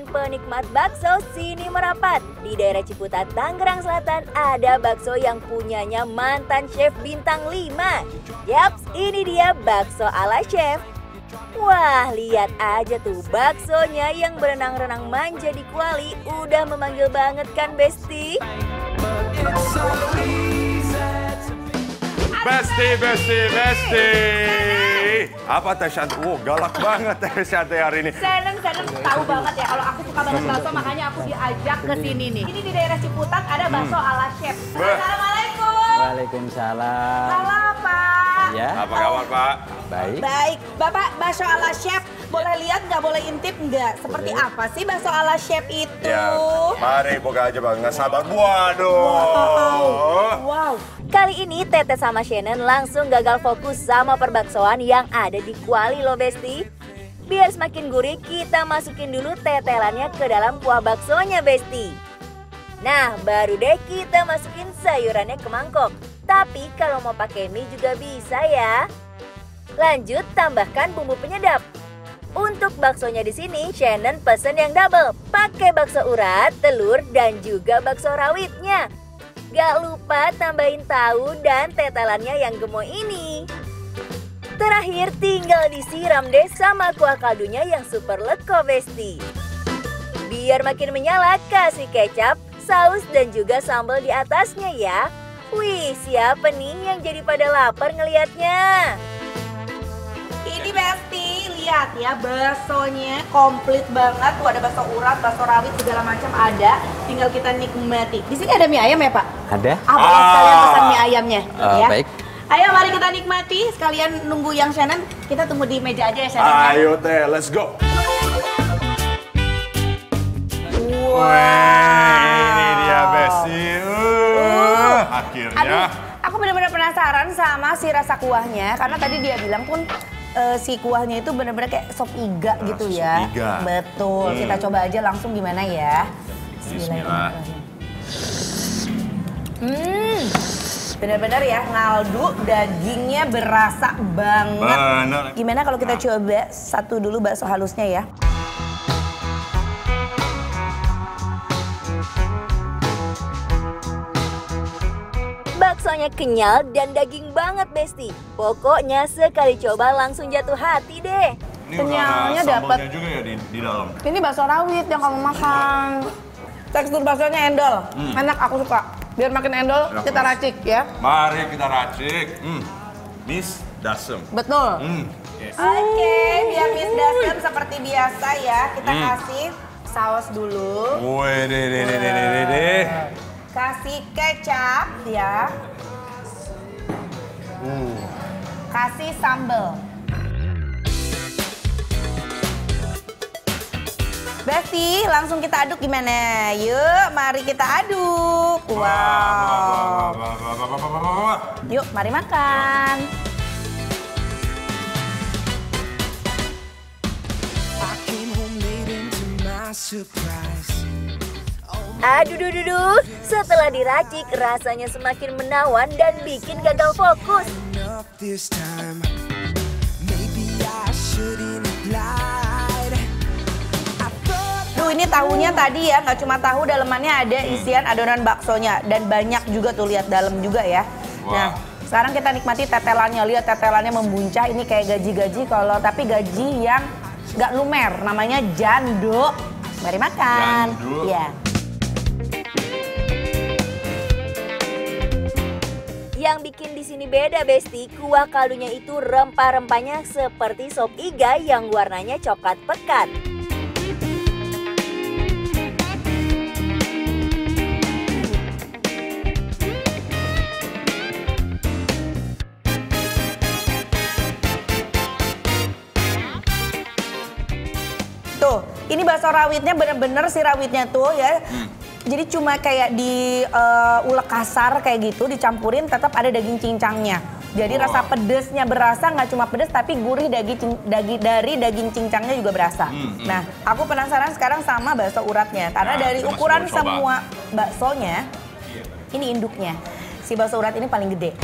dan penikmat bakso sini merapat. Di daerah Ciputat, Tangerang Selatan ada bakso yang punyanya mantan chef bintang 5. Yaps, ini dia bakso ala chef. Wah, lihat aja tuh baksonya yang berenang-renang manja di kuali udah memanggil banget kan Besti? Besti, Besti, Besti. Eh, apa Teh Shanti? Wow, galak banget Teh Shanti hari ini. Seneng, seneng. Tahu banget ya kalau aku suka banget bakso, makanya aku diajak ke sini nih. Ini di daerah Ciputat ada hmm. bakso hmm. ala chef. Assalamualaikum. Waalaikumsalam. Halo Pak. Ya. Apa kabar Pak? Baik. Baik. Bapak, bakso ala chef boleh lihat nggak boleh intip nggak? Seperti apa sih bakso ala chef itu? Ya, mari buka aja bang, nggak sabar. Waduh. Wow. wow. Kali ini Tete sama Shannon langsung gagal fokus sama perbaksoan yang ada di kuali lo Besti. Biar semakin gurih, kita masukin dulu tetelannya ke dalam kuah baksonya Besti. Nah, baru deh kita masukin sayurannya ke mangkok. Tapi kalau mau pakai mie juga bisa ya. Lanjut, tambahkan bumbu penyedap. Untuk baksonya di sini, Shannon pesen yang double. Pakai bakso urat, telur, dan juga bakso rawitnya. Gak lupa tambahin tahu dan tetelannya yang gemoy ini. Terakhir tinggal disiram deh sama kuah kaldunya yang super leko besti. Biar makin menyala kasih kecap, saus dan juga sambal di atasnya ya. Wih, siapa nih yang jadi pada lapar ngelihatnya? Ini Besti lihat ya, baksonya komplit banget. Tuh ada bakso urat, bakso rawit, segala macam ada. Tinggal kita nikmati. Di sini ada mie ayam ya, Pak? Ada. Apa ah. kalian pesan mie ayamnya? Uh, ya. Baik. Ayo mari kita nikmati. Sekalian nunggu yang Shannon, kita tunggu di meja aja ya Shannon. Ayo teh, let's go. Wow. ini dia besi. Uh, akhirnya. Aduh, aku benar-benar penasaran sama si rasa kuahnya karena tadi dia bilang pun uh, si kuahnya itu benar-benar kayak sop iga nah, gitu ya. Sop iga. Betul. Hmm. Kita coba aja langsung gimana ya. Bismillah. Hmm. Benar-benar ya ngaldu dagingnya berasa banget. Bener. Gimana kalau kita nah. coba satu dulu bakso halusnya ya? Soalnya kenyal dan daging banget, Besti. Pokoknya sekali coba langsung jatuh hati deh. Ini Kenyalnya dapat. juga ya di, di dalam. Ini bakso rawit yang kamu makan. Tekstur baksonya endol. Hmm. Enak, aku suka. Biar makin endol, Enak kita racik ya. Mari kita racik. Hmm. Miss Dasem. Betul. Hmm. Yes. Oke, okay, biar Miss Dasem seperti biasa ya, kita hmm. kasih saus dulu. Wih, deh, deh, deh, deh, deh, deh. Kasih kecap ya. Hmm. Kasih sambal. Besti, langsung kita aduk gimana? Yuk, mari kita aduk. Wow. Yuk, mari makan. surprise Aduh, duh, duh, Setelah diracik, rasanya semakin menawan dan bikin gagal fokus. Duh, ini tahunya tadi ya, nggak cuma tahu dalemannya ada isian adonan baksonya. Dan banyak juga tuh, lihat dalam juga ya. Wow. Nah, sekarang kita nikmati tetelannya. Lihat tetelannya membuncah, ini kayak gaji-gaji kalau tapi gaji yang nggak lumer. Namanya jando. Mari makan. Jando. Yeah. yang bikin di sini beda Besti, kuah kaldunya itu rempah-rempahnya seperti sop iga yang warnanya coklat pekat. Tuh, ini bakso rawitnya bener-bener si rawitnya tuh ya hmm jadi cuma kayak di uh, eh, ulek kasar kayak gitu dicampurin tetap ada daging cincangnya. Jadi oh. rasa pedesnya berasa nggak cuma pedes tapi gurih daging daging dari daging cincangnya juga berasa. Hmm, hmm. Nah, aku penasaran sekarang sama bakso uratnya karena nah, dari ukuran semua baksonya yeah. ini induknya. Si bakso urat ini paling gede.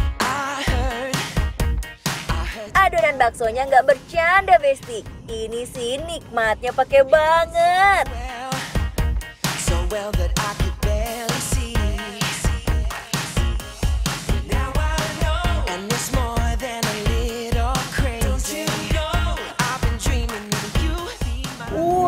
Adonan baksonya nggak bercanda, Besti. Ini sih nikmatnya pakai banget. Uh,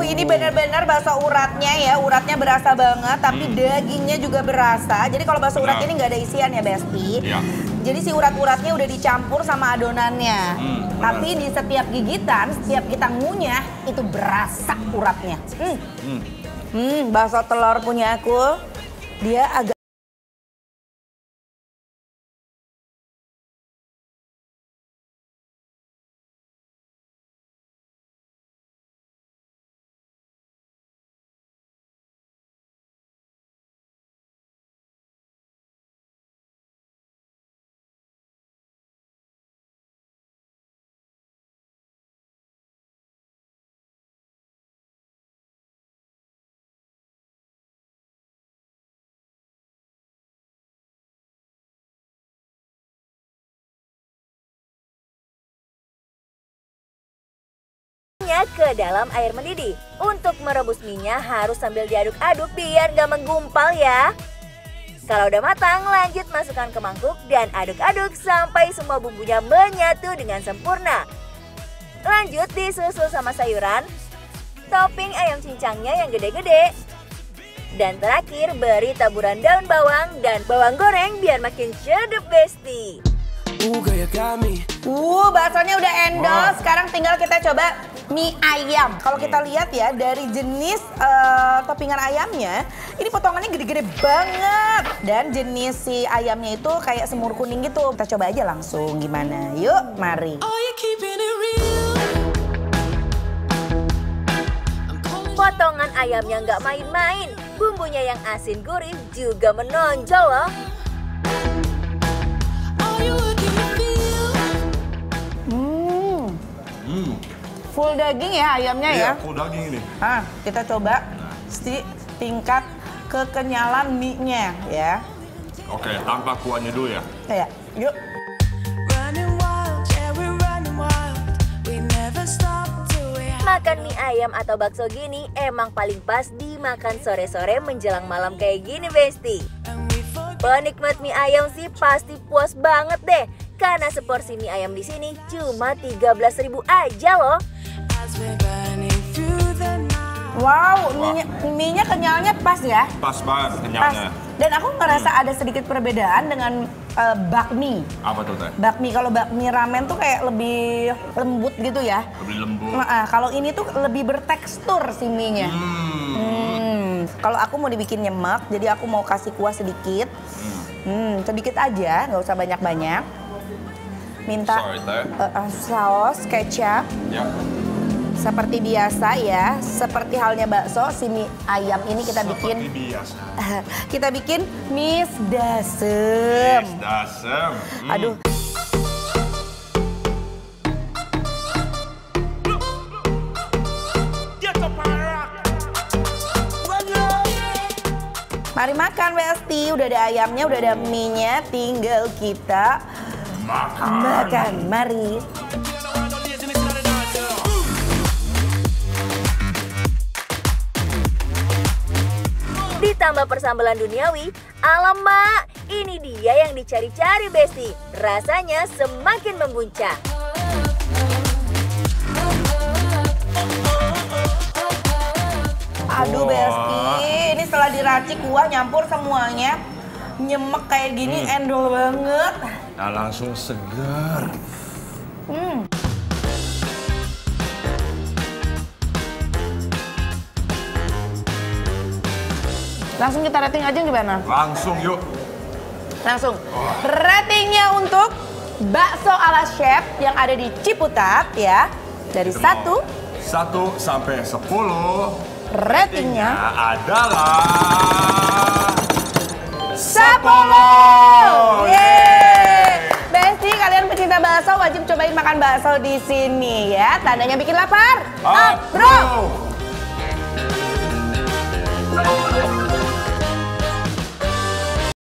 ini benar-benar bakso uratnya ya, uratnya berasa banget, tapi hmm. dagingnya juga berasa. Jadi kalau bakso urat ini nggak ada isian ya, Besti. Ya. Jadi si urat-uratnya udah dicampur sama adonannya. Hmm, Tapi di setiap gigitan, setiap kita ngunyah, itu berasa uratnya. Hmm. Hmm. Hmm, bakso telur punya aku, dia agak ke dalam air mendidih. Untuk merebus minyak harus sambil diaduk-aduk biar gak menggumpal ya. Kalau udah matang, lanjut masukkan ke mangkuk dan aduk-aduk sampai semua bumbunya menyatu dengan sempurna. Lanjut disusul sama sayuran, topping ayam cincangnya yang gede-gede. Dan terakhir beri taburan daun bawang dan bawang goreng biar makin cedep besti. Uh, gaya kami. Uh, baksonya udah endos Wow. Sekarang tinggal kita coba mie ayam. Kalau hmm. kita lihat ya dari jenis uh, toppingan ayamnya, ini potongannya gede-gede banget. Dan jenis si ayamnya itu kayak semur kuning gitu. Kita coba aja langsung gimana. Yuk, mari. Potongan ayamnya nggak main-main. Bumbunya yang asin gurih juga menonjol loh. Hmm. hmm full daging ya ayamnya iya, ya? Iya, full daging ini. Ah, kita coba si tingkat kekenyalan mie-nya ya. Oke, tanpa kuahnya dulu ya. Iya, yuk. Makan mie ayam atau bakso gini emang paling pas dimakan sore-sore menjelang malam kayak gini, Besti. Penikmat mie ayam sih pasti puas banget deh karena seporsi mie ayam di sini cuma 13.000 aja loh. Wow, mie-nya, mie-nya kenyalnya pas ya? Pas banget kenyalnya. Pas. Dan aku ngerasa hmm. ada sedikit perbedaan dengan uh, bakmi. Apa tuh teh? Bakmi kalau bakmi ramen tuh kayak lebih lembut gitu ya. Lebih lembut. Nah, kalau ini tuh lebih bertekstur si mie-nya. Hmm. hmm. Kalau aku mau dibikin nyemek, jadi aku mau kasih kuah sedikit. Hmm, hmm sedikit aja, nggak usah banyak-banyak minta uh, saus kecap. Ya. Seperti biasa ya, seperti halnya bakso, si mie ayam ini kita seperti bikin. biasa. kita bikin mis dasem. Hmm. Aduh. Mari makan Westy. udah ada ayamnya, udah ada mie-nya, tinggal kita makan. Makan, mari. Ditambah persambelan duniawi, alamak, ini dia yang dicari-cari Besti. Rasanya semakin membuncah. Aduh Besti, ini setelah diracik kuah nyampur semuanya. Nyemek kayak gini, hmm. endol banget. Nah langsung segar. Hmm. Langsung kita rating aja gimana? Langsung yuk. Langsung. Oh. Ratingnya untuk bakso ala chef yang ada di Ciputat ya. Dari Itu satu. Satu sampai sepuluh. Ratingnya, ratingnya adalah... wajib cobain makan bakso di sini ya. Tandanya bikin lapar. Up, bro.